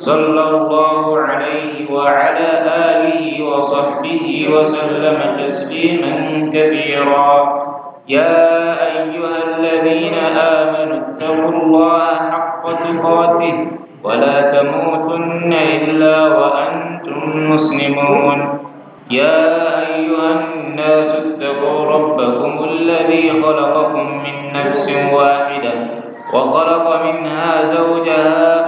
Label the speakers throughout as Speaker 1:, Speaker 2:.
Speaker 1: صلى الله عليه وعلى آله وصحبه وسلم تسليما كبيرا يا أيها الذين آمنوا اتقوا الله حق تقاته ولا تموتن إلا وأنتم مسلمون يا أيها الناس اتقوا ربكم الذي خلقكم من نفس واحدة وخلق منها زوجها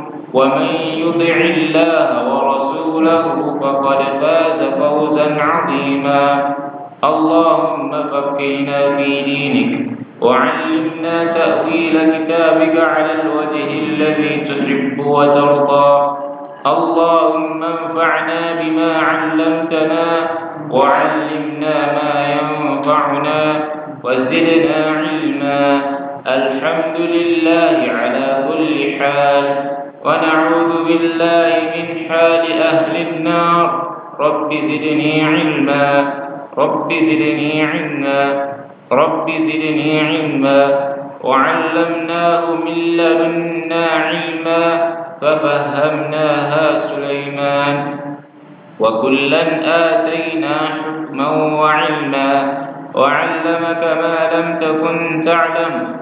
Speaker 1: ومن يطع الله ورسوله فقد فاز فوزا عظيما اللهم فقهنا في دينك وعلمنا تأويل كتابك على الوجه الذي تحب وترضى اللهم انفعنا بما علمتنا وعلمنا ما ينفعنا وزدنا علما الحمد لله على كل حال ونعوذ بالله من حال أهل النار رب زدني علما رب زدني علما رب زدني علما وعلمناه من لدنا علما ففهمناها سليمان وكلا آتينا حكما وعلما وعلمك ما لم تكن تعلم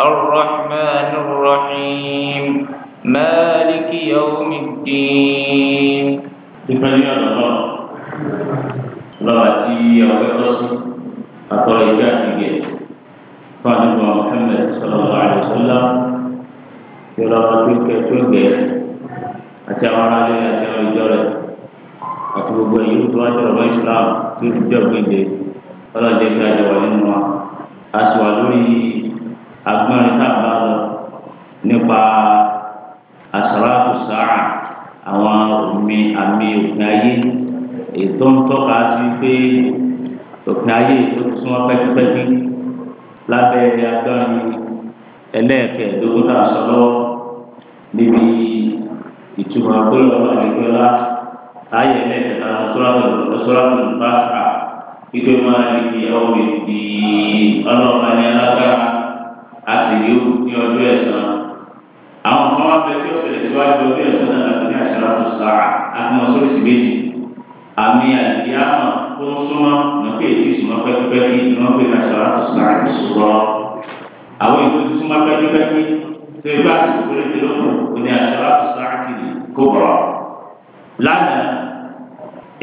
Speaker 1: الرحمن الرحيم مالك يوم الدين Dibanding Allah Lawati yang berdosi Atau ikan tiga
Speaker 2: Fahad wa Muhammad Sallallahu alaihi wasallam Yolah matul ke cuaga Acah orang lain Acah orang jalan Aku berbuat itu tu ajar orang Islam Itu dia begini Kalau dia kaya jawa lima Aswa luri ètò ń tọ́ka sí pé òpin ayé tó súnmọ́ pẹ́kípẹ́kí lábẹ́ agbárin ẹlẹ́ẹ̀kẹ́ẹ̀dógún náà sọ́lọ́ níbi ìtumọ̀ àgbélọ̀ àdìgbọ́lá ayé ẹlẹ́ẹ̀kẹta sọ́lọ́dún bàtà ìgbé máa ní kí ọmọ ìdí ọlọ́ọ̀bá ní alágbára àti yóò ní ọjọ́ ẹ̀sán àwọn kan wá bẹ tí ó ṣẹlẹ̀ síwájú ọjọ́ ẹ̀sán náà láti ní àṣírà tó sáà àti mọ̀ sóríṣi méjì àmì àdìyàmà tó ń súnmọ́ lọ́pẹ́ ètí ìsúnmọ́ pẹ́kípẹ́kí ni wọ́n pè ní àṣàrà tó sùn láti sùrọ̀ àwọn ètò tó súnmọ́ pẹ́kípẹ́kí tó ibà sì kúrò ní lóko kò ní àṣàrà tó sùn láti kó bọ̀ lánàá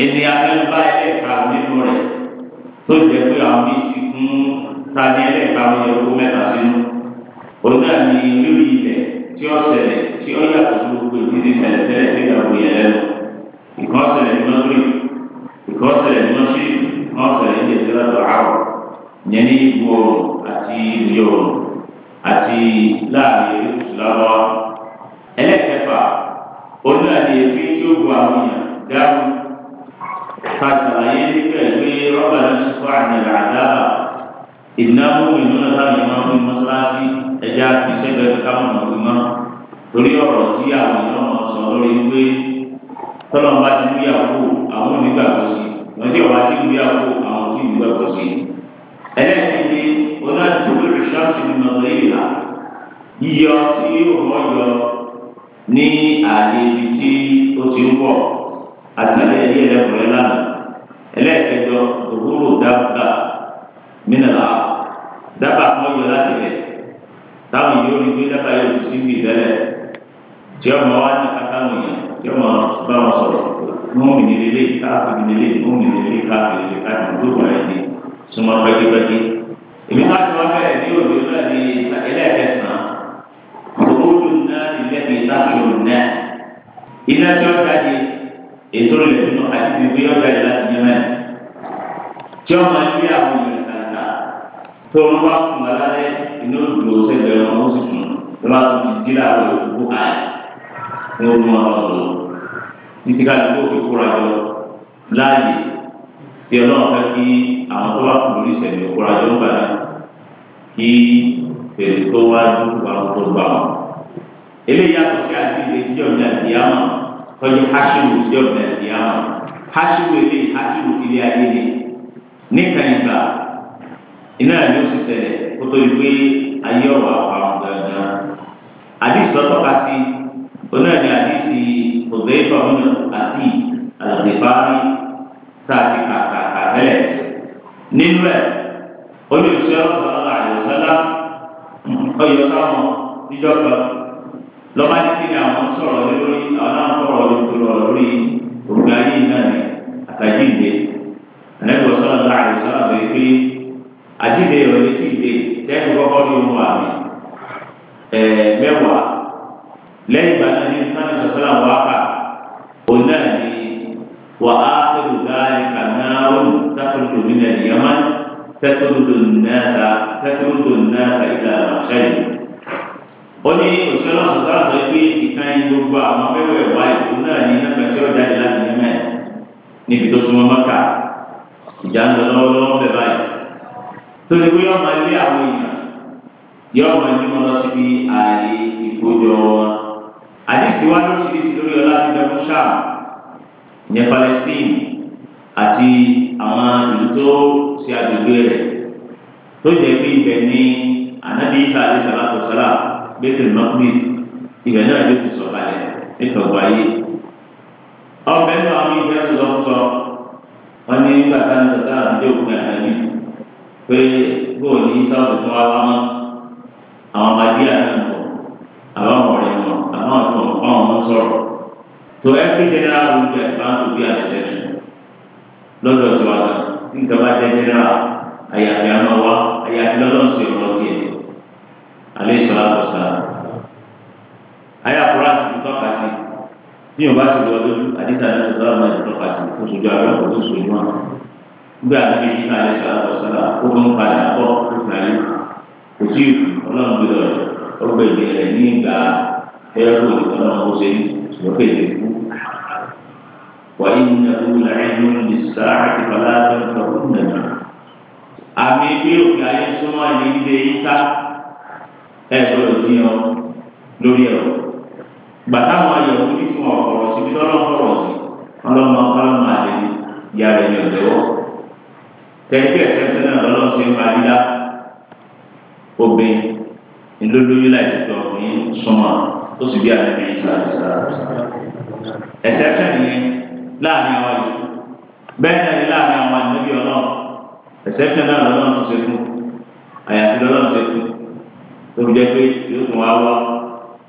Speaker 2: ènìyàn fẹ́ bá ẹlẹ́ẹ̀karùn nínú rẹ̀ tó jẹ́ pé àwọn bíi ti kún tani ẹlẹ́ẹ̀karùn yẹ kó mẹ́ta sínú òun náà ní lórí ilẹ̀ tí ó ṣẹlẹ̀ tí ó yàtọ̀ sí gbogbo ìdílé lọ́sẹ̀ mọ́ṣí lọ́sẹ̀ ilé ìtura tó àrò yẹn ní ìbú ọrùn àti ìlú ọrùn àti láàrin erékùsù lábọ́ ẹlẹ́kẹfà onílànà èéfín tí ó bu àwọn èèyàn dáhùn kàtàlàyé nígbà pé rọ́bà náà ti fọ́ àmì àdá ìnáwó ìnáwó táwọn èèyàn máa ń fi mọ́ṣáláṣí ẹja fi sẹ́gbẹ̀ẹ́ káwọn ọ̀nà fi mọ́ torí ọ̀rọ̀ tí àwọn èèyàn máa sọ lórí wípé tọ́lọ́mọba ti ní ìyàwó àwọn onígbàgbọ́sí ọjọ́ ìwà tí ìwé àpò àwọn tí ìwé ẹ̀kọ́ sí. ẹlẹ́ẹ̀kejì onájúwé rìṣọ́ọ̀ṣì ní ọ̀dọ̀ ìlà yíyọ tí òwò yọ ní ààyè ibi tí ó ti ń wọ̀ àtàlẹ́ ẹ̀yẹ ẹlẹ́kùnrin lánàá ẹlẹ́ẹ̀kẹjọ òwúrò dábàá mínàlá dábàá kan yọ láti rẹ̀ táwọn yóò rí pé dábàá yóò ti sí ibi ìbẹ̀rẹ̀ tí ọmọ wa ní kátàwọn yẹn tí ọmọ bá wọn sọ̀rọ̀ mọ́mì ní lélẹ̀ káàkiri ní lélẹ̀ mọ́mì ní lélẹ̀ káàkiri ní káàkiri tó wà ní súnmọ́ pẹ́kípẹ́kí. èmi wá sí wá bẹ́ẹ̀ ní òde láti ẹlẹ́ẹ̀kẹsàn-án òwúrò náà ní lẹ́bi sáfìrò náà iná tí wọ́n jáde ètò rẹ̀ nínú àti bíbí yọ̀ jáde láti yẹ mẹ́rin tí wọ́n máa ń gbé àwọn èèyàn kàkà tó wọ́n bá kùn wá lálẹ́ inú òdòdó sẹ́gbẹ̀rún ọ̀hún sì fún un lọ́wọ́ àti jìlá àwọn òkú àyè ní orúkọ ọ̀dọ́ títí ká lóko fi kóra jọ láàyè tí ọlọ́run fẹ́ kí àwọn tó wà kúrò ìṣẹ̀lẹ̀ kóra jọ ń bàdá kí èrè tó wá dúró àwọn tó gbà wọn. eléyìí yàtọ̀ sí àdìsí ìjọ ìjà ìyáma tọ́jú hashimu ìjọ ìjà ìyáma hashimu eléyìí hashimu ilé ayé ni níkan ìgbà iná ẹ̀ ló sì ṣẹlẹ̀ kó tó di pé ayé ọ̀wà àwọn gangan àdìsí ọ̀tọ́ka sí onáà àdìsí Hudzaifah bin Asif Al-Ghifari tàbí kàkàkà tẹ́lẹ̀ nínú ẹ̀ olùsí ọ̀sán àyọ̀sọ́lá ọ̀yọ̀ sáwọn níjọ́ kan lọ́ba ní kí ni àwọn sọ̀rọ̀ lórí àwọn náà sọ̀rọ̀ lórí lórí òrùka yìí náà ní àtàjíǹde ànẹ́bí ọ̀sán àyọ̀sọ́lá bẹ̀rẹ̀ pé àjíǹde ìrọ̀lẹ́ tí ìdè tẹ́kùn kọ́kọ́ ní ohun àmì mẹ́wàá lẹ́yìn ìgbà náà ní sani sọ̀sọ́lá wọ́n قلنا وآخر ذلك نار تخرج من اليمن تطرد الناس تطرد الناس إلى مخشي oni òṣèlú ọ̀sán sọ pé ìkan yìí gbogbo àwọn mẹ́wẹ̀ẹ́ wá ìlú náà ní nípa tí ó jáde láti ní mẹ́ níbi tó súnmọ́ mọ́ta ìjà ń lọ lọ́wọ́lọ́wọ́ bẹ́ẹ̀ báyìí tó ní pé yọ́ọ́ máa lé àwọn èèyàn yọ́ọ́ máa ní wọn lọ síbi ààyè ìkójọ wọn àdìsí wa ló ṣiṣẹ́ lórí ọlá ti dẹ́kun ṣáà ní Palestine àti àwọn ìlú tó ṣe àgbègbè rẹ̀ tó jẹ́ pé ibẹ̀ ní anabi isa alayhi salatu salam bẹ́tẹ̀ nọ́kùnrin ibẹ̀ náà ló ti sọ̀kalẹ̀ nítorí ayé ọbẹ̀ náà àwọn ìfẹ́ tó lọ́ sọ wọn ní nígbà táwọn sọ̀tà àti òkun àtàlí pé bóòlù isa ọ̀sẹ̀ tó wá wá mọ́ àwọn ọmọdé àti nǹkan àwọn sọ̀rọ̀ tó ẹbí general ló ń bẹ báńkì bí àṣẹ lọ́dọ̀ tó wà náà nígbà bá jẹ general àyàfi àmọ́ wa àyàfi lọ́dọ̀ sí ọ̀rọ̀ tiẹ̀ alẹ́ sọ̀rọ̀ àkọsà ayàkúrà ti tọ́ka sí bí wọn bá ti lọ lójú àdìsá ní sọ̀rọ̀ àwọn ẹ̀dùn tọ́ka sí kó sojú àwọn ọ̀pọ̀ tó sojú wọn nígbà tí bí alẹ́ sọ̀rọ̀ àkọsà ó fún padà bọ̀ fún ayé kò tí ì ọlọ́run gbé lọ ọgbẹ́ ìgbẹ́ rẹ̀ ní ìgbà fẹ́ẹ́ lò lọ́nà ọ̀sẹ̀ lọ́kẹ́ ìdẹ́kú. وإنه لعلم للساعة فلا تمترن معه àmì bí òkè ayé súnmọ́ ní ilé yíká ẹ gbọ́dọ̀ jiyàn lórí ẹ̀rọ gbàtà wọn ayọ̀ orí fún ọ̀rọ̀ síbi lọ́lọ́kọ̀rọ̀ sí ọlọ́mọ ọlọ́mọ àdéhùn ìyá rẹ̀ ní ọ̀dẹ́wọ́ tẹ̀sí ẹ̀sẹ̀sẹ̀ náà lọ́lọ́run ṣe ń parí lá obìnrin ìlólóyún láì tó ọkùnrin súnmọ́ tó sì bí àlẹ́bí ìsàlùsà exception yẹn láàrin àwọn yìí bẹ́ẹ̀ náà ni láàrin àwọn ànábì ọlọ́run exception náà lọ́lọ́run tó ṣe fún àyàfi lọ́lọ́run ṣe fún tó fi jẹ́ pé yóò tún wá wá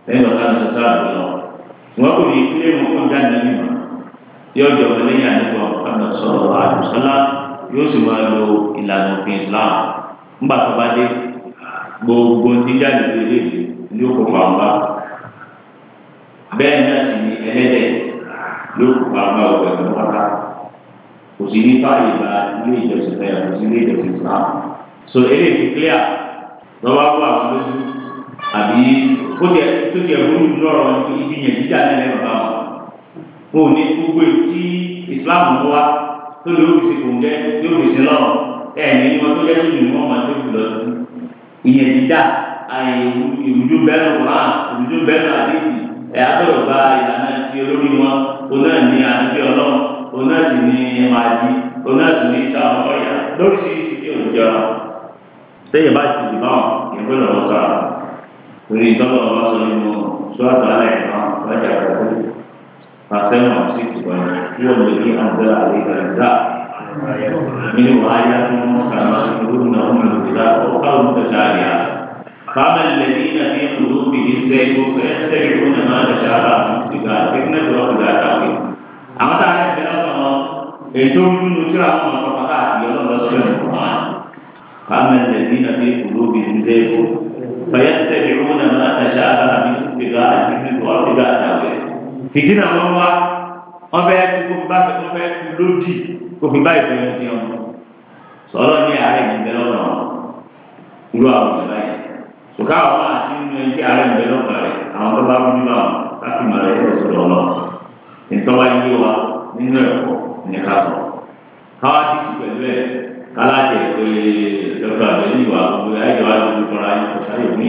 Speaker 2: lẹ́yìn ọ̀gá ní sọ́sọ́ àbúrò lọ wọn kò ní kílé wọn kó dá nínú ìmọ̀ yóò jọ ọmọ lẹ́yìn àdúgbò ọ̀nà sọ̀rọ̀ àdùsọ́lá yóò sì máa lo ìlànà òfin Islam ńgbà tó bá dé gbogbo ní jáde lé bẹ́ẹ̀ náà sì ni ẹlẹ́dẹ̀ ló kù bá bá ọ̀gbẹ́ tó wọ́tá kò sí ní báyìí bá ilé ìjọsìn bẹ́ẹ̀ kò sí ilé ìjọsìn Islam so eré ti clear lọ́wọ́ bá àwọn lójú àbí ó jẹ tó jẹ bólú lọ́rọ̀ ibi yẹn jíjà náà lẹ́nu wọn kò ní gbogbo tí Islam mú wa tó lè ó fi ṣe kò ń gẹ́ yóò fi ṣe lọ́rọ̀ ẹ̀ ní wọn tó yẹ kí nìyẹn wọn máa tó jù lọ ìyẹn jíjà àyè ìrújú bẹ́ẹ̀ lọ́wọ́ ìrújú bẹ́ẹ̀ lọ́wọ́ àdéhùn ẹ̀ adọ̀rọ̀ bá ìlànà ti olórí wọn oná ní àdúgbò ọlọ́run oná sì ní màdí oná sì ní ìta ọ̀yà lóríṣiríṣi tí òun jọra sẹ́yìn bá ti dì báwọn ìwé lọ́wọ́ sọ̀rọ̀ orí ìtọ́lọ̀ ọba sọ nínú sọ́ọ̀tà alẹ́ kan lọ́jà àkọ́kọ́ pàṣẹ́wọ̀n sí ìwọ̀n tí wọ́n lè ní àdúrà àlejò àdúrà nínú àyà tó ń kà lọ́sọ̀rọ̀ lórí náà ó خام الذين في قلوبهم زيغ فيتبعون ما تشابه من ابتغاء الفتنة وابتغاء تأويله àwọn tá a lè fẹ́ lọ́sọ̀rọ̀ ètò nínú tí a mọ̀ ọ́ pàtàkì àti ọlọ́run lọ́sọ̀rọ̀ ẹ̀kọ́ wa خام الذين في قلوبهم زيغ فيتبعون ما تشابه من ابتغاء الفتنة وابتغاء تأويله fìdínà wọn wá wọn fẹ́ kó bá fẹ́ kó fẹ́ lódì kó fi báyìí fẹ́ yẹn ti ọmọ sọlọ ní àárẹ̀ ìgbẹ́ lọ́nà ìlú àwọn ìgbà yẹn sùkà àwọn máa ti nínú ẹgbẹ́ ààrẹ ìgbẹ́ lọ́kàn rẹ̀ àwọn tó bá wúni bá wọn láti mọ̀ rẹ̀ ẹ̀ sọ̀rọ̀ lọ. ìtọ́wá yé wa nínú ẹ̀kọ́ ní ká sọ. káwá ti ti pẹ̀lú ẹ̀ kálájẹ pé dọ́kítà rẹ̀ ní ìwà gbogbo ayéjọba ló ń fọra kọ̀sáyé fún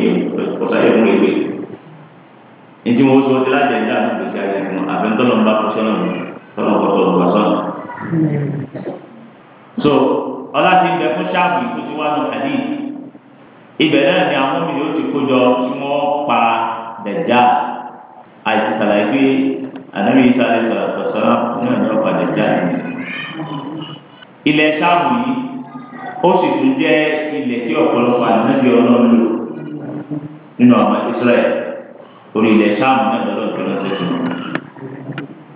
Speaker 2: ewé. ìdí wọn sọ ti lájẹ ní àdúgbò sí ayé fún àfẹnudọ́lọ́ ńlá kọ́sẹ́ náà tọ́lọ́ ibẹ̀ náà ni àwọn mi yóò ti kójọ tí wọ́n pa dẹ̀já àti sàlàyé pé ànábi sàlẹ̀ sọ̀rọ̀sọ̀rọ̀ náà ni wọ́n pa dẹ̀já yìí. ilẹ̀ sáàmù yìí ó sì tún jẹ́ ilẹ̀ tí ọ̀pọ̀lọpọ̀ ànábi ọlọ́run lò nínú ọmọ Israẹli orí ilẹ̀ sáàmù náà lọ́dọ̀ tó lọ́sẹ̀ sí wọn.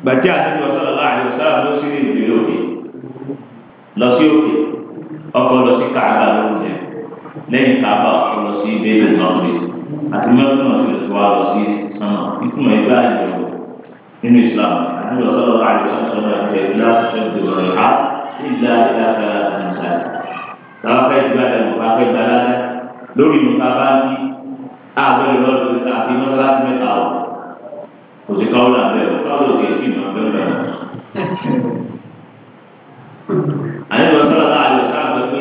Speaker 2: gbàtí ànábi sallallahu alaihi wasallam ló sì rìn ìrìn òkè lọ sí òkè ọkọ̀ lọ sí káàkiri lẹ́yìn káàbà ọlọ sí bẹ́ẹ̀ lọ rẹ àti mẹfún ọsẹ tó wà lọ sí sánà ìtumọ̀ ẹgbẹ́ àjẹwò nínú Islam àti ọsọlọ àjẹsọ sọlọ ẹgbẹ́ ìlàsọsọ ìdòwò rẹ á ìlà ìlà sára àtúnṣe táwọn fẹẹ gba ẹ̀gbẹ́ wọn fẹẹ gba lálẹ́ lórí ìmúta bá ń bí àbẹ ìlọrin àti mọ́sálásí mẹ́ta ọ kò sí káwọn làbẹ ọ káwọn lòdì èsì ìmọ̀ ọgbẹ mẹ́ta. àyẹ̀wò sọlọ àjẹsọ àgbẹ̀ pé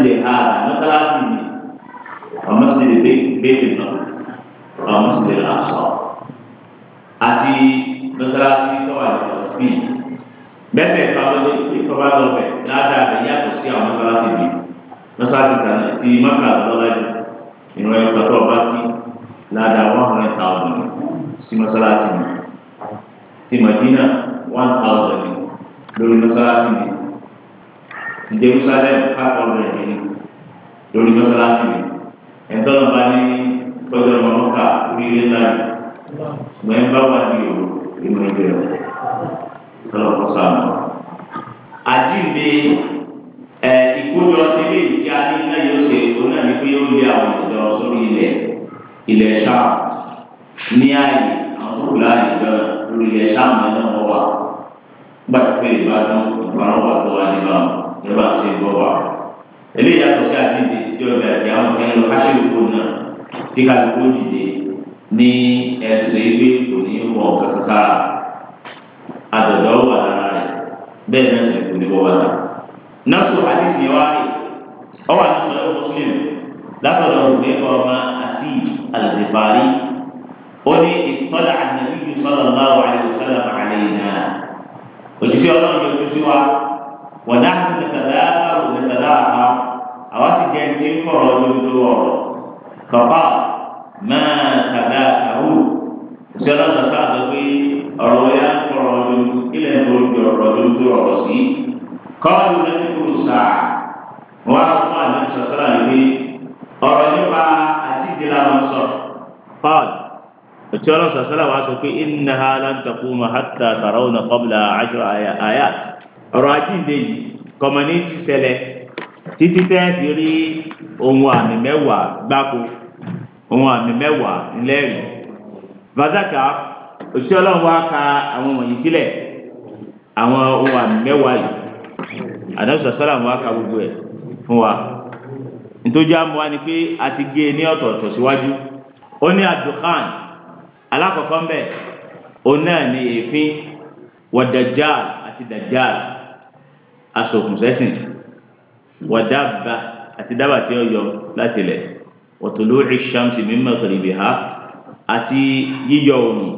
Speaker 2: ilẹ̀ ààrẹ mọ́sálásí mi ọmọ sí lè bẹ́ẹ̀ nà ọmọ sí lè làásọ àti mọ́sálásí tọ́wà lọ sí bẹ́ẹ̀ pàmòlé ìtọ́wà lọ́bẹ̀ ládàá rẹ̀ yàtọ̀ sí àwọn mọ́sálásí mi mọ́sálásí kan ti mọ́kà lọ́lá jù ìrìn ẹ̀ka tó ọba kí ládàá one hundred thousand sí mọ́sálásí mi ti one thousand lórí mọ́sálásí mi. Jerusalem five hundred ní lórí mọ́sálásí mi ẹ̀tọ́ náà bá ní kọjá ọmọ mọ́kà orí ilé náà mọ̀ ẹ́ bá wà ní òru inú ilé rẹ̀ tọ́lọ̀ kọ́ sáà àjíǹde ẹ̀ ìkójọ ti lè tí a ní náà yóò ṣe òun náà ní pé ó lé àwọn ìjọ sórí ilẹ̀ ilẹ̀ sáà ní ààyè àwọn tó kù láàyè ìjọ lórí ilẹ̀ sáà mọ́ ẹ̀ náà wọ́n ìbádùn ìbárànwá tó wà níbàmù ẹ bá ṣe gbọ́ wa eléyìí yàtọ̀ sí àdídì tí ọ̀bẹ àti àwọn kan lọ káṣíwò kó náà kí kálukú dìde ní ẹsẹ̀ ìwé òní wọ̀ kàkàkà àdọ̀dọ̀ wà lára rẹ̀ bẹ́ẹ̀ náà sì kò ní wọ́n wà lára. nọ́ọ̀sù àdídì wa rè ọwọ́ àdúgbò ẹ̀kọ́ mùsùlùmí látọ̀dọ̀ òwe ọmọ àti àlùfààrí ó ní ìtọ́lá àdàbí yìí sọ́lá ọ̀gá wa àlè òṣèlú àmàlẹ́ yìí náà ونحن نتذاكر ونتلاعب أواسي جانتين فرجل دور فقال ما تذاكروا سيرا نساعد في الرؤيا فرجل إلى نرجع الرجل دور رسي قالوا نذكر الساعة وأصبح النبي صلى الله عليه وسلم الرجل أتيت إلى منصر قال الرسول صلى الله عليه وسلم إنها لن تقوم حتى ترون قبل عشر آيات ọ̀rọ̀ àjíǹde yìí kọmọ ní ti ṣẹlẹ̀ títí tẹ́ fi rí ohun àmì mẹ́wàá gbáko ohun àmì mẹ́wàá ńlẹ́rìí fàdákà òṣìṣẹ́ ọlọ́run wá ka àwọn wọ̀nyí sílẹ̀ àwọn ohun àmì mẹ́wàá yìí àdáṣà sálàmù wá ka gbogbo ẹ̀ fún wa nítorí àmọ́ wa ni pé a ti gé e ní ọ̀tọ̀ọ̀tọ̀ síwájú ó ní àdùkán alákọ̀ọ́kọ́ ń bẹ̀ òun náà ni èéfín wọ̀dàjáàlì àti dàjáàlì asokùnsẹ́sìn wàdáàbà àti dábà tí ó yọ láti lẹ̀ wọ̀tòló ìṣàmùsì mímọ́ kìrìbì ha àti yíyọ òòrùn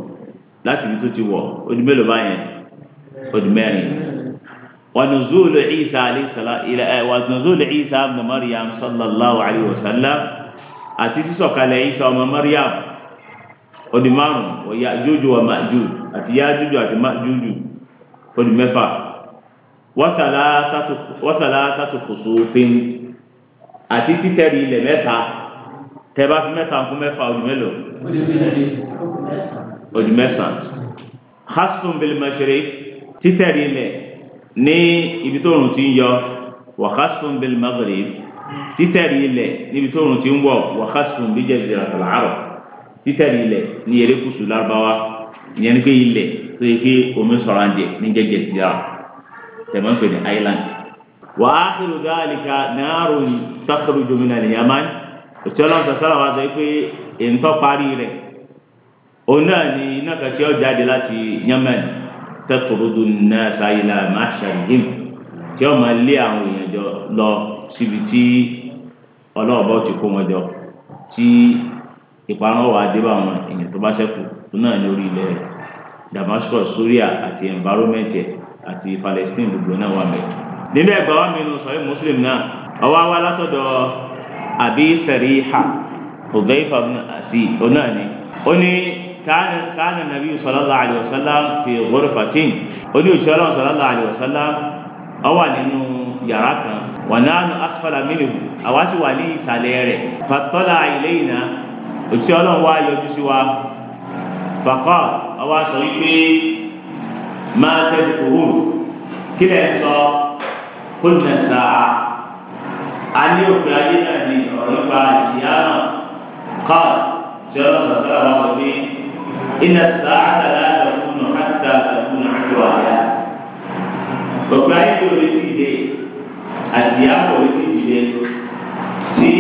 Speaker 2: láti ibi tó ti wọ̀ odi mélòó báyẹn odi mẹ́rin wànùzúlù ìsà àlẹ́sàlá ilẹ̀ ẹ̀ wànùzúlù ìsà ibn Maryam sallallahu alayhi wa sallam àti sísọ̀kalẹ̀ ìsà ọmọ Maryam odi márùn-ún wọ̀ yá jújù wà má jù àti yá jújù àti má jújù odi wọ́sàlátàtù kùsùfin àti títẹ̀rí ilẹ̀ mẹ́ta tẹ́bá fi mẹ́ta fún mẹ́fà ojú mélòó ojú mẹ́sàn hasfun bil mashriq títẹ̀rí ilẹ̀ ní ibi tó rùn ti ń yọ wà hasfun bil maghrib títẹ̀rí ilẹ̀ níbi tó rùn ti ń wọ̀ wà hasfun bí jaziratul arab tẹ̀mọ́ ń pè ní island wà á kìlú dáàlìkà náírà sákòrò jòmìnà ní yamani òṣèlú ọ̀sán sára wa sọ pé ìǹtọ́ parí rẹ̀ òun náà ni iná kan tí ó jáde láti yamani tẹ́tùrúdù náà sáyìlá máṣàlìhìm tí ó máa lé àwọn èèyàn jọ lọ síbi tí ọlọ́ọ̀bọ ti kó wọn jọ tí ìparun wà dé bá àwọn èèyàn tó bá ṣẹ́kù òun náà ní orí ilẹ̀ Damascus Syria àti environment yẹn àti Palestine gbogbo náà wà mẹ́ẹ̀. nílẹ̀ ẹ̀gbọ́n wa mi nù sọ̀rọ̀ Muslim náà ọwọ́ wa látọ̀dọ̀ àbí sariha Hudhayfa ibn Asi ọ̀nà ni ó ní káàna nàbí sallallahu alayhi wa sallam fi ghurfatin ó ní òṣìṣẹ́ ọlọ́run sallallahu alayhi wa sallam ọ wà nínú yàrá kan wa nahnu asfala minhu àwa wà ní ìsàlẹ̀ rẹ̀ fattala ilayna òṣìṣẹ́ ọlọ́run wá yọjú sí wa faqala ọwọ́ sọ wípé máa tẹ̀lé kúrú kí lè sọ kó nà sáà a ní òfin ayé náà ní ọ̀rọ̀ nípa ìṣìyàmà kọ́ tí ó lọ́sọ̀ sọ́ra wọn sọ pé iná sáà tàlá tàkùnù àtà tàkùnù àjọ àyà òfin ayé tó lè ti dé àṣìyàmà lè ti dìde tí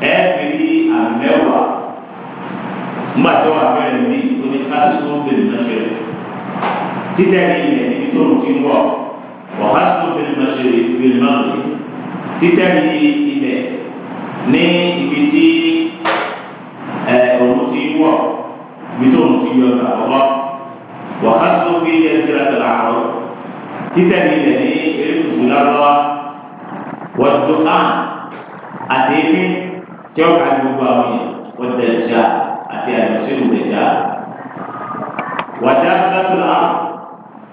Speaker 2: ẹ fi rí àmì mẹ́wàá nígbà bẹ́ẹ̀ ní oníkásí tó ń bèrè títẹ̀lé ilẹ̀ níbi tó ń ti wọ̀ ọ̀hásùn fèlìmọ̀ṣẹ̀rẹ̀ fèlìmọ̀ṣẹ̀rẹ̀ títẹ̀lé ilẹ̀ ní ibi tí òun ti wọ̀ ibi tó ń ti yọ ọ̀gá ọ̀hásùn fèlìmọ̀ṣẹ̀rẹ̀ àrọ̀ títẹ̀lé ilẹ̀ ní erékùsù lárọ́ wọ́dọ̀ án àti ebi tí ó ka gbogbo àwọn yẹn wọ́n tẹ̀ ṣá àti àyọ̀sí òun tẹ̀ ṣá wàdí àti sátúlá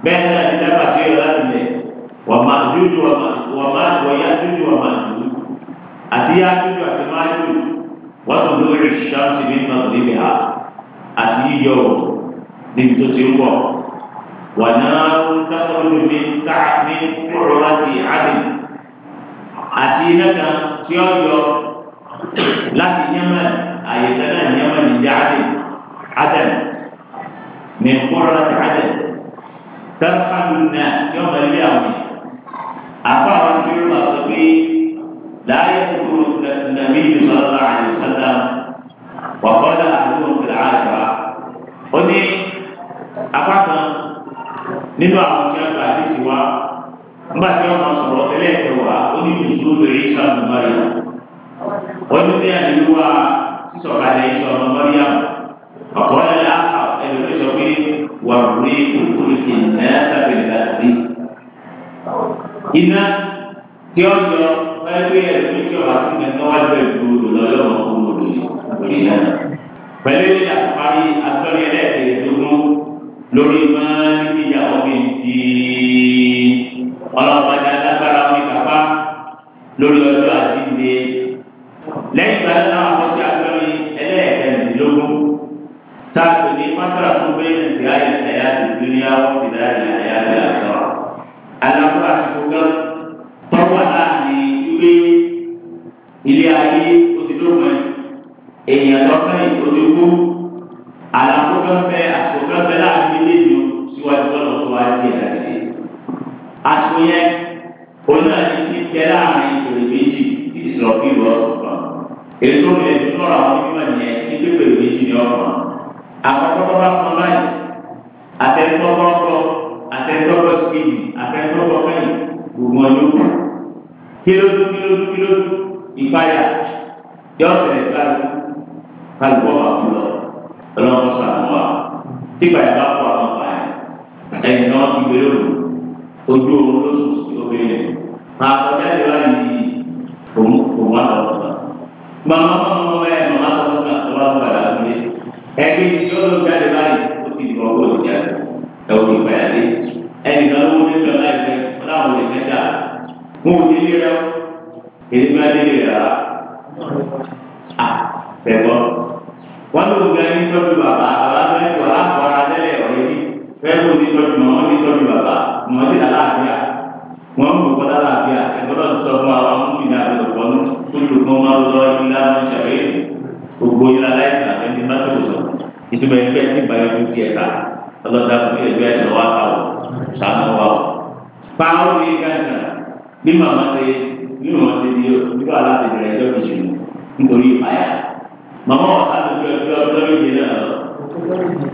Speaker 2: bẹ́ẹ̀ náà ti dábà sí ọ̀rọ̀ láti lẹ̀ wà máa dúdú wà máa wọ̀yá dúdú wà máa dúdú àti yá dúdú àti máa dúdú wọ́n tún lórí ṣáàmùsì ní ìtàn níbi ha àti yíyọ òòrùn níbi tó ti ń bọ̀ wà náà ń dákọ̀ lómi táà ní kúrò láti àdìm àti iná kan tí ó yọ láti yẹmẹn àyẹ̀tẹ̀ náà yẹmẹn ní jáde àdìm ní kúrò láti àdìm tẹ́lifáàlù náà yọ bẹ̀rẹ̀ bí àwọn afa àwọn tí ó bá sọ pé láàyè kúrò nàbí ìsọ̀rọ̀ àyẹ̀sọ̀dá wà kọ́lá àdúgbò kìlá àjọra ó ní apá kan nínú àwọn tí wọn bá ti wá nígbà tí wọn sọ̀rọ̀ ẹlẹ́ẹ̀kẹ́ wá ó ní ìṣòro ìṣàlùmọ́ rẹ̀ wọ́n ní bí ẹ̀ ọ̀sán àwọn tó bá fún báyìí àtẹnudọ́gbọ́gbọ́ àtẹnudọ́gbọ́síkejì àtẹnudọ́gbọ́kẹ́yìn gbogbo ọjọ́ kù kílódú kílódú kílódú ìpayà yọ ọ̀sẹ̀ kálukú kálukú ọ̀bà kú lọ ọlọ́mọ sàmúwà tí ìpayà bá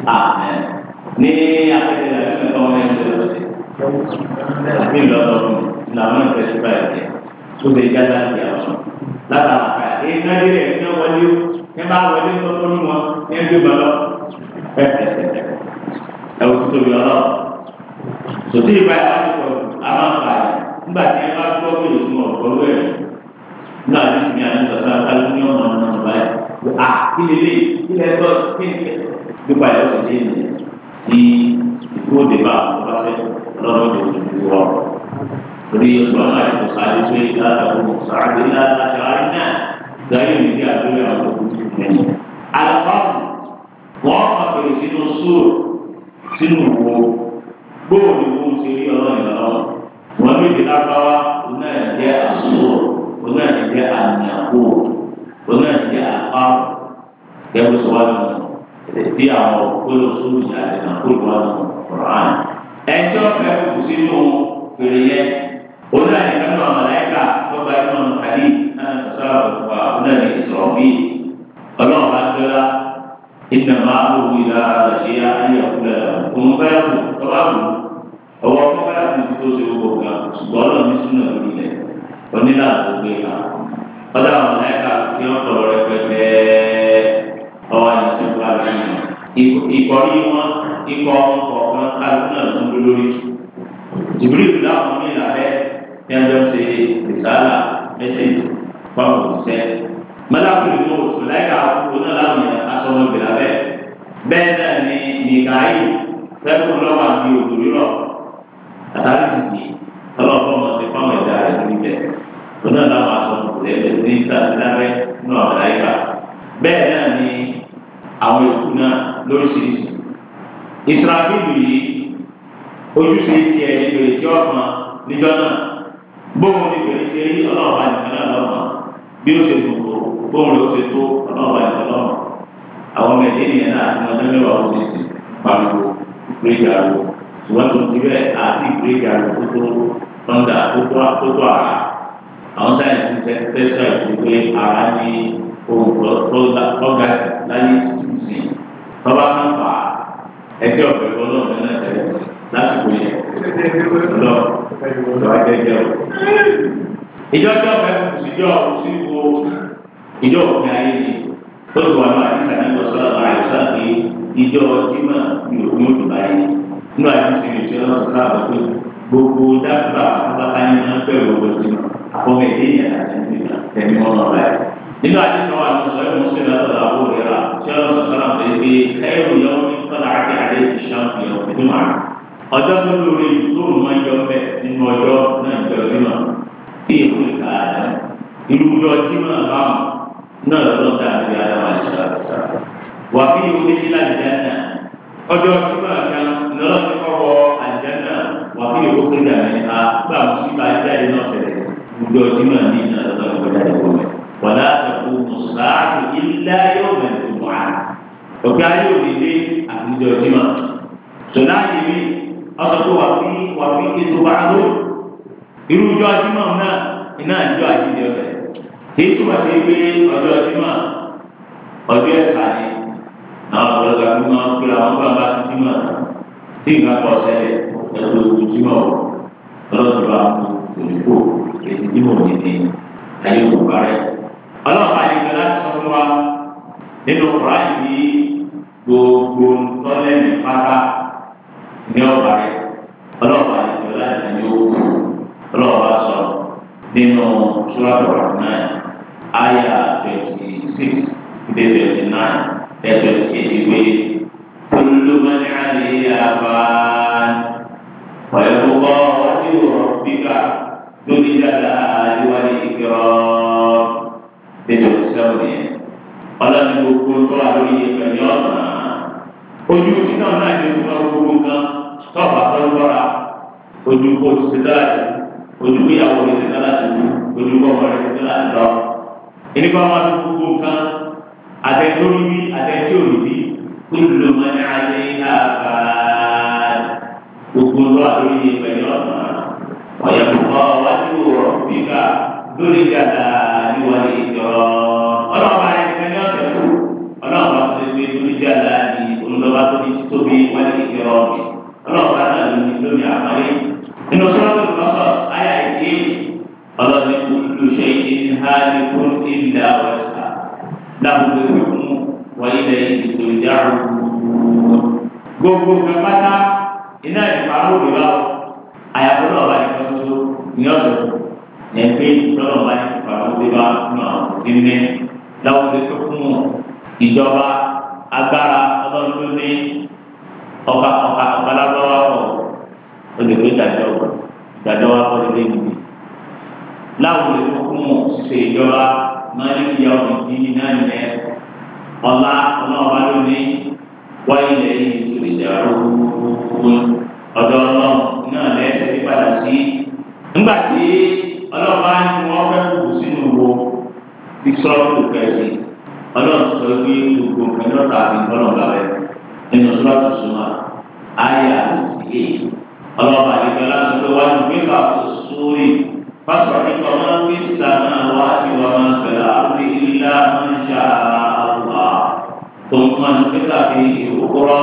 Speaker 2: Ah, eh. ní abẹ́rẹ́ rẹ̀ ní ọ̀tọ́ ọ̀rẹ́ ní ọ̀sẹ̀ ní ìlọ́dọ̀ọ́dún làwọn ẹ̀fẹ́ ti bá ẹ̀jẹ̀ tó lè já láti àwọn lára àkà èyí náà dé rẹ̀ ní wọlé ní bá wọlé tọ́tọ́ ní wọn ní ẹgbẹ́ bàbá ẹ̀wọ̀n tó tóbi ọlọ́ sòtí ìgbà yà wọ́n kọ̀ àwọn àkàrà nígbà tí ẹ bá gbọ́ pé ìsún ọ̀pọ̀ lóyè nígbà tí ìsìn àná ìtọ́sí àtàlùmí ọ̀nà ọ̀nà ọ̀bá yà á ah, kí lè lè kí lè tọ́ kí lè tọ́ gbígbà yẹn ti dé ìlú tí ìkú òde bá ọba fẹ́ lọ́rọ̀ ní ìlú wa torí ọgbà láti kò sáré pé látàkó kò sáré látàkó àárín náà gbáyé mi bí àdúrà àwọn òkúti mẹ́rin. alábàámu wọ́n máa pèrè sínú sóòrò sínú wo gbóòrò ni wọ́n ti rí ọ̀rọ̀ ìlọ́wọ́ wọ́n méjì lábáwá oná ìjẹ́ àsòrò àmì àpò oná ìjẹ́ àpá kẹ́wọ́sọ̀wá lọ́nà bí àwọn òkúlò sóòlù àti nàkúlù wà lọ kùrán ẹjọ fẹ kù sínú fèrè yẹn onáyẹ nínú àmàlẹ́kà tó gba inú ọ̀nà kàdí náà sọ̀rọ̀ àbùkù onáyẹ ìsọ̀rọ̀ bí ọlọ́run bá gbéra ìdàmà àbùkù ìlà àṣẹ ayé àkúlẹ̀ òun fẹ́ kù tọ́ba kù ọwọ́ fún fẹ́ kù tó ṣe gbogbo kan ṣùgbọ́n ọlọ́run ní sínú ẹ̀rú onílà àgbègbè kan ọlọ́run àmàlẹ́kà ìkọ̀rí wọn ikọ̀ kọ̀ọ̀kan kálukú náà tún dúró lórí. jìbìrì ìlú àwọn mí làbẹ́ ní ẹjọ́ ṣe ìsáàlà mẹ́sẹ̀jì fáwọn òṣìṣẹ́. mọ́lákùnrin mọ́ oṣù láìka àkókò náà láwọn aṣọ wọn bẹ̀rẹ̀ abẹ́. bẹ́ẹ̀ náà ni mìkáyì fẹ́kùn lọ́wọ́ àbí òdò rírọ̀ àtàrí ìsìnkì ọlọ́ọ̀fọ́ mọ̀ sí fáwọn ẹ̀dá rẹ̀ lórí bẹ́ẹ̀. ó náà láwọn aṣọ òṣìṣẹ́ bẹ̀rẹ̀ ní ìsàlẹ̀ lábẹ́ ni àwọn èkú náà lóríṣiríṣi ìsirafíìlù yìí ojúṣe ti ẹni bèrè tí ó kan níjọ náà gbóhùn ní bèrè ṣe rí ọlọ́ọ̀bá nìkan náà lọ́mọ bí ó ṣe gbogbo gbóhùn rẹ̀ ó ṣe tó ọlọ́ọ̀bá nìkan lọ́mọ àwọn ọmọ ẹ̀dẹ́ nìyẹn náà àti ọjọ́ mẹ́wàá ó ṣe sí pariwo ìgbéga ro ṣùgbọ́n tó ti bẹ́ẹ̀ àti ìgbéga ro tó tó tọ́ndà tó tó àrà àwọn sáyẹ̀nsì tẹ́sán ìpínpín ara ní ohun sí bàbá náà fà á ẹgbẹ́ ọ̀fẹ́ ọlọ́run náà tẹ̀ lásìkò yẹn lọ lọ́wọ́ ẹgbẹ́ ọ̀. ìjọ tí ọ̀fẹ́ kù sí ìjọ wo ìjọ òfin ayé ni tó ti náà àdìsá ní ìgbọ̀sọ́lá náà àdìsá pé ìjọ jimá ni òun yóò dùbà yìí nínú àdìsí ni ìjọ náà sọ̀rọ̀ àwọn pé gbogbo dábàá àbáta ni wọ́n fẹ́ jimá àkọ́mẹ́dé ni àdìsí ni ìjọ tẹ̀mí mọ́ nínú àdìsí wa ní sọ́yìn mọ́sílẹ̀ lọ́dọ̀ àbúrò rẹ̀ ọ̀rọ̀ sọ̀rọ̀ pé pé káyọ̀ yọ ní sọ̀rọ̀ àti àlẹ́ ìṣàn fi ọ̀pẹ̀ ní màá. ọjọ́ tó lórí ìṣòro máa yọ bẹ́ nínú ọjọ́ náà jọ ìmọ̀ bí èkó ìka àdá ìlú yọ jímọ̀ àbámu náà lọ́dọ̀ dàbí àdáwà ìṣàkóso. wà fi omi nílá ìdáná ọjọ́ jímọ̀ kan lọ́dọ̀ ti kọ́kọ́ àjẹ́nà wà fi èkó kéjà mẹ́ta gbà mùsùlùmí àjáde náà tẹ̀lé ìlú yọ jímọ̀ ní ìlànà lọ́dọ̀ ìgbọ̀dá ìgbọ̀mẹ̀ wàlá àtẹ̀kù mùsùlùmí ọ̀gá yóò dédé àtijọ́ jimá sọ̀dá yìí ọ̀sọ̀ tó wà fí wà fí ètò bá ló irú ìjọ jimá náà iná ìjọ àjíjẹ rẹ̀ èyí tó wà sí pé ọjọ́ jimá ọjọ́ ẹ̀ka ni àwọn ọ̀pọ̀lọpọ̀ àti máa ń pè àwọn bàbá sí jimá tí nǹkan kọ̀ ṣẹlẹ̀ ẹ̀rọ ìlú jimá ọlọ́dúnrún àwọn olùkó èyí jimá òní ayé òkú parẹ́ ọlọ́pàá yìí gbẹ láti sọ fún wa nínú kùráì yìí gbogbo tọ́lẹ́mì pátá ní ọ̀bà rẹ̀ ọlọ́ọ̀bà ìjọ láti ní owó ọlọ́ọ̀bà sọ nínú ṣúrọ̀tọ̀rọ̀ náà àyà twenty six dé twenty nine dé twenty eight wé olùdókòwò àlè àbá pẹ̀lú bọ́ ọtí òrò bíkà lórí dada àdéwálé ìkírọ́ dé twenty seven yẹn ọlọ́ni gbogbo tó àlóyè pẹ̀lú ọ̀nà ojú títà náà ní ìgbà gbogbo nǹkan tọ́pà tọ́lúbọ́ra ojú kò sí láti ojú ìyàwó rẹ̀ sí láti ojú bọ́mọ rẹ̀ sí láti lọ. ìnípa máa fi gbogbo nǹkan àtẹ̀tórí bí àtẹ̀tí òní bí kúlù mọ́ ní ayé àbá gbogbo lọ́wọ́ àlórí ní ìpẹ̀lẹ́ ọ̀nà ọ̀yẹ̀kùnkọ́ wájú rọ̀ bíkà lórí gàdá níwájú ìjọ. بالتوبي والإكرام الله تعالى من الدنيا عملي إن سورة البقرة آية 18 قال كل شيء هالك إلا وجهه له الحكم وإليه ترجعون gbogbo gbẹpátá iná ìparó rẹ wá àyàfó náà wà nípa tó ní ọ̀dọ̀ ẹgbẹ́ lọ́nà wà nípa ìparó rẹ wá náà nílé láwùjọ tó fún ìjọba agbára ọlọ́run tó ní ọba ọba ọbalábọ́wá pọ̀ olùkọ́ ìdájọ́ ọ̀gbọ̀n ìdájọ́ wa pọ̀ nílé ìdìbò láwùjọ tó kún mọ̀ ṣe ìjọba máa ní ìyá ọ̀gbìn tí ní náà yẹ ọlá ọlọ́ọ̀bá ló ní wáyé lẹ́yìn ìṣòro ìjọba ọ̀dọ̀ ọlọ́run náà lẹ́sẹ̀ nípadà sí nígbà tí ọlọ́ọ̀bá ń wọ́n fẹ́ ọlọ́run sọ pé gbogbo nǹkan yóò ta àbí ọlọ́run lábẹ́ nínú sọ́ọ̀tù sọ́mà ayé àti èyí ọlọ́run àdìgbẹ́ láti pé wájú pépà sórí pásítọ̀ nípa máa ń gbé sàmà wá sí wa máa bẹ̀rẹ̀ àbúrò ilé ńlá máa tó ń mọ̀ nípa bí ìwòkúrọ́.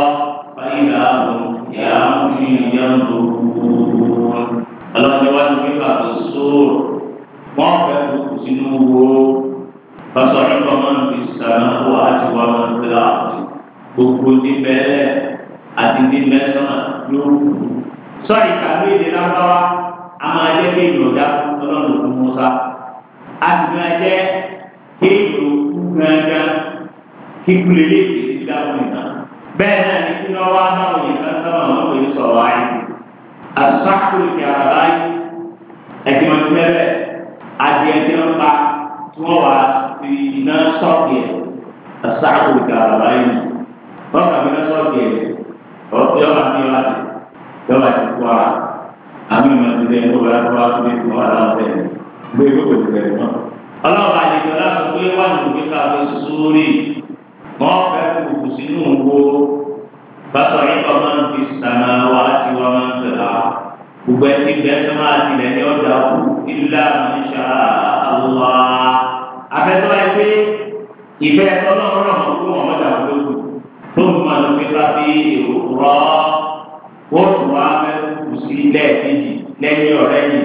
Speaker 2: wọ́n tún wá mẹ́kù sí lẹ́ẹ̀kejì lẹ́yìn ọ̀rẹ́ yìí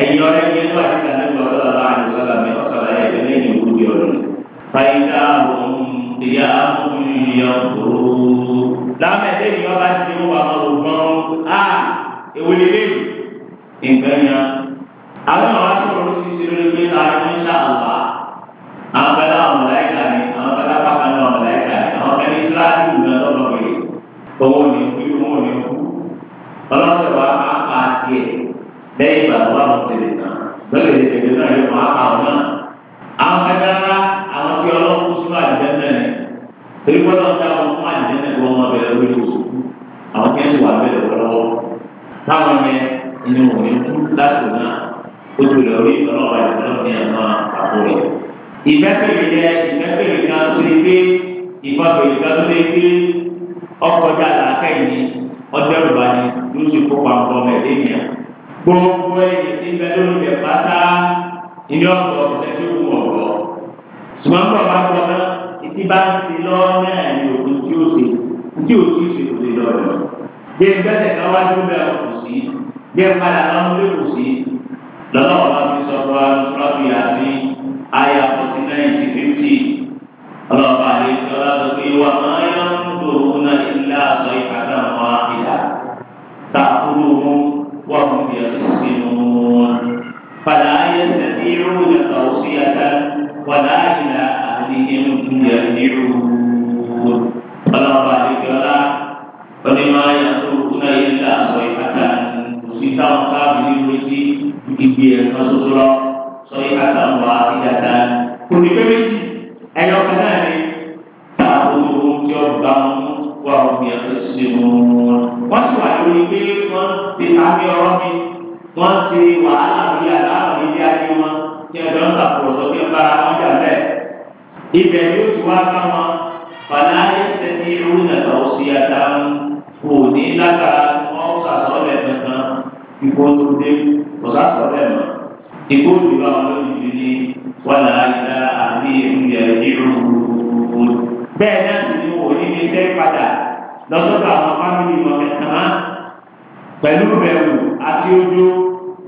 Speaker 2: ẹ̀yìn ọ̀rẹ́ yìí ló àti kàlẹ́bí ọ̀dọ́ àbá àdìsọ́lá mi ọ̀sọ̀lá yẹ kí lẹ́yìn ìwúrí ọ̀rọ̀ fàyídà ìyá ìyàwó lámẹ́tẹ́ ìyá ọba ti mú àwọn ògbọ́n a ìwúlélẹ́yìn nǹkan yẹn àwọn ọ̀rẹ́ pa ọ̀pọ̀ mẹ́lẹ́ yẹn gbogbo ẹ̀yẹ tí ń bẹ lórí rẹ̀ pátá ilé ọ̀pọ̀ ọ̀sẹ̀ tí ó wù ọ̀rọ̀ ṣùgbọ́n bọ̀ bá gbọ́ náà ìdí bá ń ti lọ náà ní òkun tí ó ṣe tí ó ti ṣe kò lè lọ rẹ̀ bí ẹ gbẹ́sẹ̀ kan wá sí bẹ́ẹ̀ kò sí bí ẹ padà lọ́mọdé kò sí lọ́nà ọ̀la fi sọ fún wa lọ́nà fi àfi àyàfọ́ pẹ̀lú bẹ̀rù àti ojú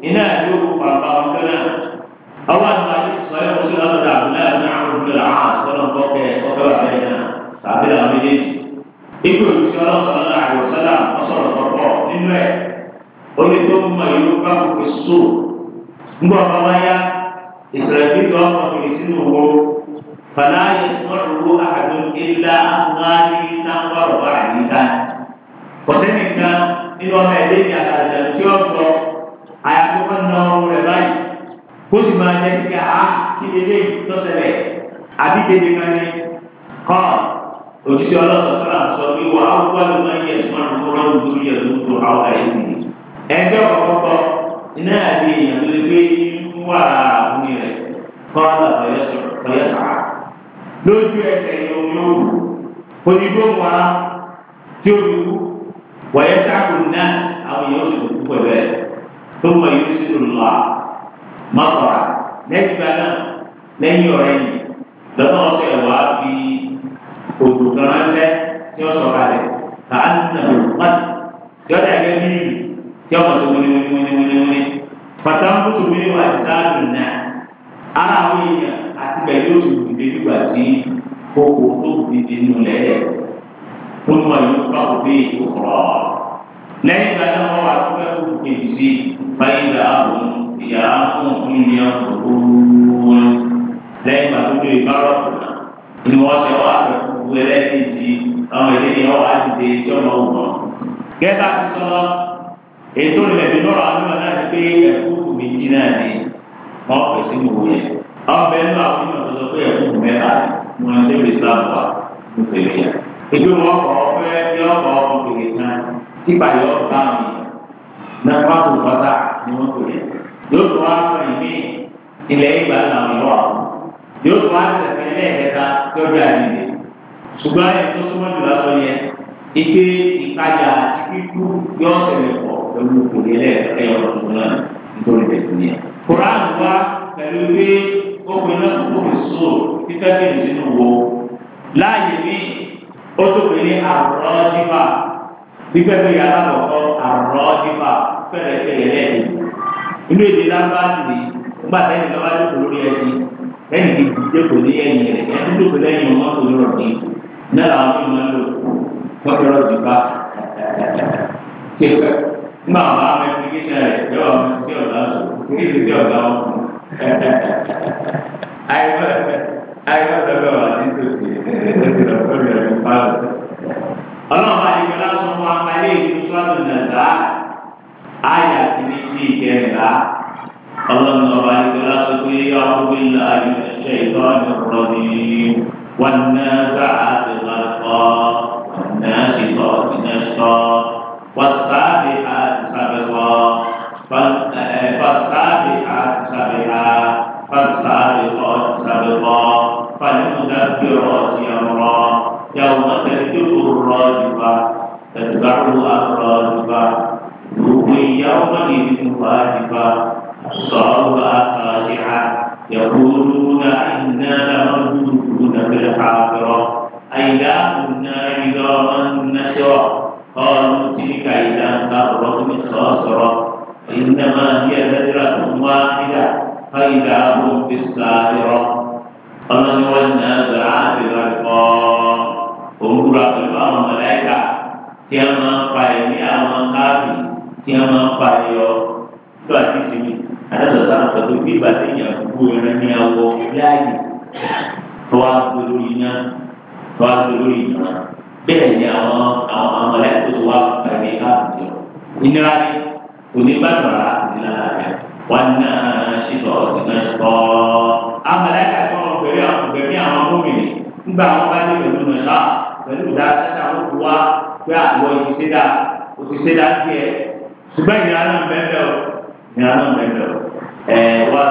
Speaker 2: iná ìlú pàpà ọ̀gá náà ọwọ́ àti máa ti sọ ẹ́ kó sí lọ́dọ̀ àbúlẹ̀ ní àwọn olùdó àwọn àtọ́nà kọ́kẹ́ kọ́kẹ́ wà bẹ́ẹ̀ náà tàbí làwọn méjèèjì. ipò ìṣẹ́ ọlọ́sọ̀rọ̀ náà àwòsálà ọ̀sọ̀rọ̀ kọ̀ọ̀kọ̀ nínú ẹ̀ ó tó mọ ìlú bá kòkè ńgbọ́ ọba wáyá ìsìlẹ̀ bí tọ́ ọkùnrin máa jẹ́ kíkà á kí lélẹ́ lọ́sẹ̀lẹ̀ àbíkèdè kan ní kọ́ òjijì ọlọ́sọ̀tọ́lá sọ pé wà á wúwá ló máa yẹ ẹ̀sùn àrùn tó rọrùn tó yẹ ló ń tó àwọn ẹ̀yìn nìyí. ẹgbẹ́ ọ̀kọ́kọ́ iná àti èèyàn ló lè gbé inú wà àbúni rẹ̀ kọ́ ọ̀yẹ́sà lójú ẹsẹ̀ ni omi ó wù onígbó wa tí ó wù wọ̀yẹ́sà kò ná àwọn èèyàn ó sì mọ́kànlá lẹ́yìn ìgbà náà lẹ́yìn ọ̀rẹ́ yìí lọ́nà ọ̀sẹ̀ wà á fi òdò kan ránṣẹ́ tí ó sọ̀rọ̀ rẹ̀ kà á nà ó pàtì tí ó dàgẹ́ mílì tí ó mọ̀tò wíníwíníwíníwíní pàtàkì tó wíní wà ti sáàdù náà ara àwọn èèyàn àti bẹ̀rẹ̀ yóò ti wù dé nígbà tí kókó tó dìde nù lẹ́yẹ̀ fún wọn yóò fà ó dé ìkọ̀rọ̀ lẹ́yìn ìgbà náà wọ́n wà tó fẹ́ kó kejì ìyá fún òfin ní ọ̀rọ̀ lẹ́yìn ìgbà tó dé ìbárọ̀ ni wọ́n ṣe wá gbogbo ẹlẹ́ẹ̀kejì àwọn èdè ni wọ́n wá dìde tí ọmọ wù wọn. gẹ́gà ti sọ ètò ìrẹ̀lẹ̀ lọ́rọ̀ àwọn náà ti pé ẹ̀kú méjì náà ni wọ́n pè sí gbogbo yẹn. àwọn bẹ́ẹ̀ náà wọ́n fi sọ pé ẹ̀kú mẹ́ta ni wọ́n ṣe lè sá wà ní pèlè yẹn. ìgbé wọn kọ ọfẹ ní ọkọ ọkùnrin kan tí pàyọ bá mi náà yóò tó wá sọ ìmí ilẹ̀ ìgbà làwọn ìwà yóò tó wá sẹ̀sẹ̀ ẹlẹ́ẹ̀kẹta tó dé àdìdì ṣùgbọ́n ẹni tó súnmọ́ jù lásọ yẹn ike ìtajà kíkú yọ sẹ̀lẹ̀ pọ̀ pẹ̀lú òkòlè ẹlẹ́ẹ̀kẹ́ ọ̀rọ̀ tó náà nítorí tẹ̀sí ni ẹ̀. koran wa pẹ̀lú pé obìnrin náà kò fi sọ títẹ́ bí ìsinú wo láàyè mí ó tó pè ní àrọ́ dífà gbígbẹ́ pé yàrá àkọ́kọ́ àrọ́ dífà fẹ́rẹ̀ fẹ́rẹ̀ lẹ́yìn inú èdè lábáàsì rèé nígbà tẹ́lẹ̀ lọ́wọ́ àjòkò lórí ẹni lẹ́yìn tí kì í jẹ́kọ̀ọ́ ní ẹ̀yìn rẹ̀ ẹni tó kò lẹ́yìn ọmọ tó lọ́rọ̀ ní náà làwọn yóò máa lò fọ́tọ́rọ́ ti bá kéfẹ́ nígbà wọn bá fẹ́ fi kíkẹ́ rẹ̀ yọ wọn fi ọ̀gá sọ kí ni fi ọ̀gá wọn fún ayọ̀ ayọ̀ lọ́gbà wà ní tòsí ọlọ́run àyíkọ́ lásán wọn apá ilé ìtúsọ́nù nàìjíríà àyà ti ní sí ìkẹrìnlá ọlọ́run ọba ìgbàlá sọ pé àwọn ìlà ìṣe ìtọ́jú rọ̀ ní wọn náà gbà á ti wà lọ́kọ́ wọn náà ti tọ́ ti sọ wọ́n sáàbì á ti sábẹ̀ wọ́ fọ́nsáàbì á ti sábẹ̀ á fọ́nsáàbì kọ́ ti sábẹ̀ wọ́ fọ́nìmùdá gbèrò ti ọ̀rọ̀ yàwùmọ́ tẹ̀lé tó rọ̀ jù wá tẹ̀síwájú àrọ̀ jù wá. يومئذ خاسفة الصلاة خاشعة يقولون إنا لمردودون في الحافرة أي لا كنا عظاما نشرا قالوا تلك إذا كرة خاسرة إنما هي زجرة واحدة فإذا هم الساهرة فمن والنازعات غرقا ومرة الأرض ملائكة كما قال يا من قابل tí a máa ń pa ẹyọ tó àti tìmí adájọ́ sáà sọ pé bí ìbàdí ìyàn gbogbo ìran ní awọ láàyè tó wá gbé lórí iná tó wá gbé lórí iná bẹ́ẹ̀ ni àwọn àwọn amọ̀lẹ́kùn tó wá pàdé láàbùjọ ìnira ni onígbàdùnrà ìlànà rẹ̀ wọn ná ṣìṣọ́ ọ̀sìn náà ṣọ́ amọ̀lẹ́kùn tó wọn pẹ̀lú àwọn pẹ̀lú àwọn gómìnà nígbà wọn bá dé pẹ̀lú mẹ́ta pẹ̀lú ìdá sẹ́sà wọn kú wá pé àwọn ìṣẹ́dá òṣìṣẹ́dá díẹ̀ ṣùgbọ́n ìyá náà bẹ́ẹ̀ o ìyá náà bẹ́ẹ̀ o ẹ wá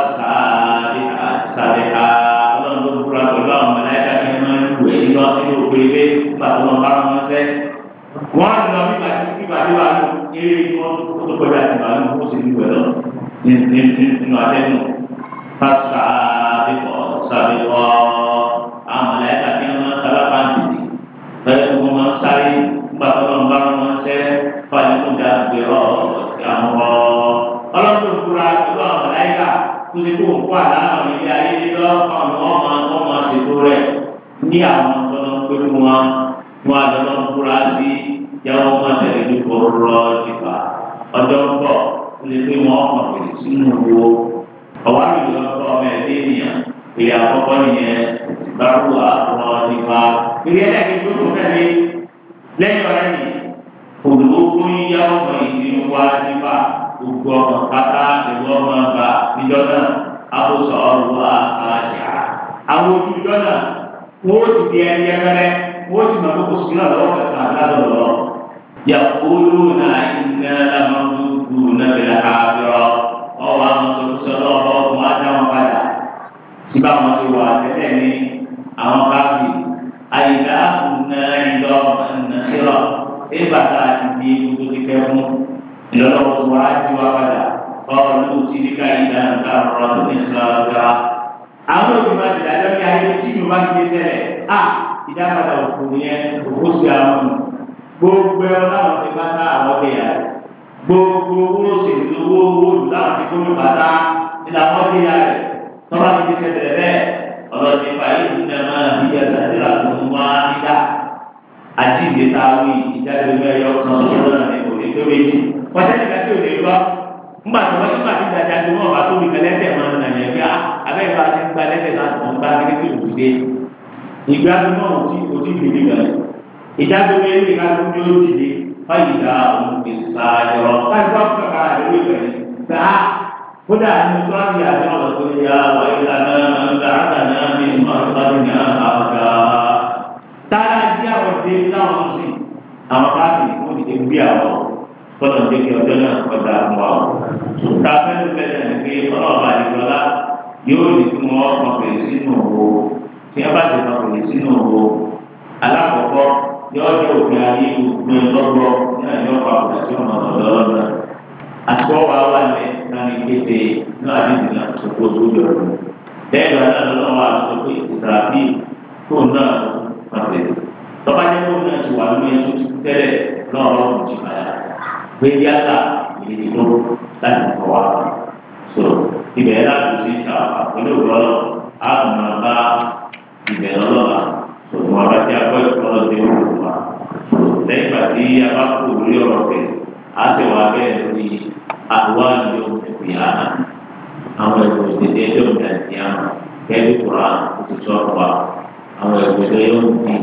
Speaker 2: sàlẹ̀ ha ọlọ́run ló búra pẹ̀lú àwọn mọ̀láyà kí wọ́n máa ń lù ẹ́ nínú ọtí ló pé pé pàtó wọn bá wọn sẹ́ wọ́n á lọ bí bàtí bí bàtí wà lù eré tí wọ́n tó kọjá ti bàá lù ó sì lù ẹ̀ lọ nínú atẹ́nu pàṣà àbíkọ̀ sàbíkọ̀ àwọn mọ̀láyà kí wọ́n máa sábà pàǹtì fàlùkùdà gbèrò ìyàmọ́. ọlọ́run fúra pẹ̀lú àwọn ọ̀láyà kó òkú àdáhùn ayé lílọ́ ọ̀nà ọmọ ọmọ ṣètò rẹ̀ ní àwọn ọ̀tọ́nà pé wa wọn àdọ́nà fúra sí yàwó ọmọ tẹ̀lé ní kọ̀ọ̀rọ̀ ìfà ọjọ́ ń bọ̀ tó ọmọ fèrè sínú wo ọwọ́ àrùn ọkọ ọmọ ẹ̀dẹ́ ènìyàn ìyá àkọ́kọ́ nìyẹn bá wù á ọ̀rọ̀ ìfà owó òṣèlú owó owó láwọn ti kó mi bàtà nílà wọn dé ya rẹ tọ́ba ti fi kẹsẹ̀ bẹ́ẹ̀ ọlọ́ọ̀dẹ fàyè ìdílé máa bí ẹ̀ka ìdílé àti ọmọ àdídá àti ìdíta wí ìdájọ́ ìgbà ẹ̀yọ kan lọ́wọ́ náà ní òní tó méjì wọ́n sẹ́ni ká tí ò lè gbọ́ ńgbà tó wọ́n nígbà tí ìdájà tó wọ́n bá tó mi kẹlẹ́tẹ̀ máa ń nàyẹ̀ bí ah, abẹ́ ìgbà tí ń gba lẹ́tẹ̀ láti wọ́n kékeré fáyidà òǹkè sàájọ kájọ kàkà àdéhùn ìbẹ̀rẹ̀ sá kódà ní sọ́ọ̀rì àti ọ̀rọ̀ tó yá wà ìlànà ìdáradáná ní ọ̀rọ̀dọ́dún àbúgá. tára jẹ́ àwọn tí táwọn ń sìn àwọn káàkiri fún ìdílé gbé àwọn kọ́nà jẹ́ kí ọjọ́ náà kọjá fún wa. ta fẹ́ẹ́ bẹ̀rẹ̀ ní pé ọlọ́ọ̀bà ìjọba yóò ní kí wọ́n kọ̀ọ̀kẹ́ sínú òwò tí wọ́n bá ti kọ̀ọ̀kẹ́ sínú òwò alákọ̀ọ́kọ́ yọ ọjọ́ òfin ayé òfin lọ́gbọ́ náà yọ ọkọ̀ àbùdá tí wọ́n máa lọ lọ́dọ̀ àtúwọ́ wa wà ní ìlànà ìkéde náà ní ìlànà ìṣòfò tó yọ ọ̀rọ̀ lẹ́yìn náà lọ́wọ́ àtúntò ìtàbí fóònù náà pàṣẹ tọ́ba jẹ́ fóònù náà ti wà lórí ẹni tó ti kú náà lọ́wọ́ ti bàyà gbé yàtà ìrìn láti kọ́ wa so ibẹ̀ láti ṣe ìṣà olóògbé ọlọ́ àtùmọ̀ bá ibẹ̀ lọ́lọ́la so wọn bá ti akọ́ ìkọlọ́ ti wù lẹ́yìn ìgbà tí a bá kú lórí ọ̀rọ̀ rẹ̀ á sì wá bẹ́ẹ̀ lórí àwa ìjọ ìpè àná àwọn ẹ̀kọ́ ìdíje ẹjọ́ ìjà ìjà kẹ́lí kura ti sọ wa àwọn ẹ̀kọ́ ìjọ yóò di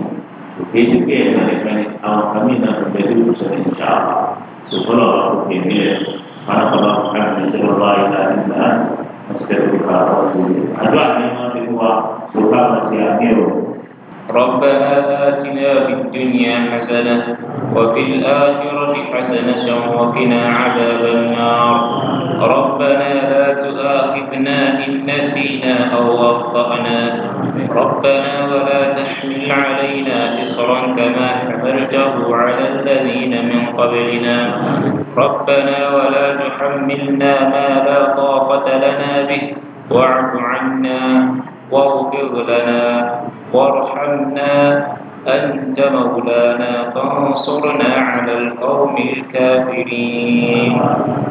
Speaker 2: òkè tí pé ẹ̀ka nìkan ni àwọn kàmí náà kò tẹ̀lé ìwòsàn ní ìjà sọ̀kọ́lọ̀ wa kò pè mí rẹ̀ farakọ̀lá kàmí sọ̀rọ̀ wa ìlà nígbà ọ̀sẹ̀ òkà ọ̀sẹ̀
Speaker 1: àdúrà ni wọ́n ti wá sọ̀kà ọ̀sẹ̀ àmì ọ̀rọ̀. ربنا آتنا في الدنيا حسنة وفي الآخرة حسنة وقنا عذاب النار ربنا لا تؤاخذنا إن نسينا أو أخطأنا ربنا ولا تحمل علينا إصرا كما حملته على الذين من قبلنا ربنا ولا تحملنا ما لا طاقة لنا به واعف عنا واغفر لنا وارحمنا أنت مولانا فانصرنا على القوم الكافرين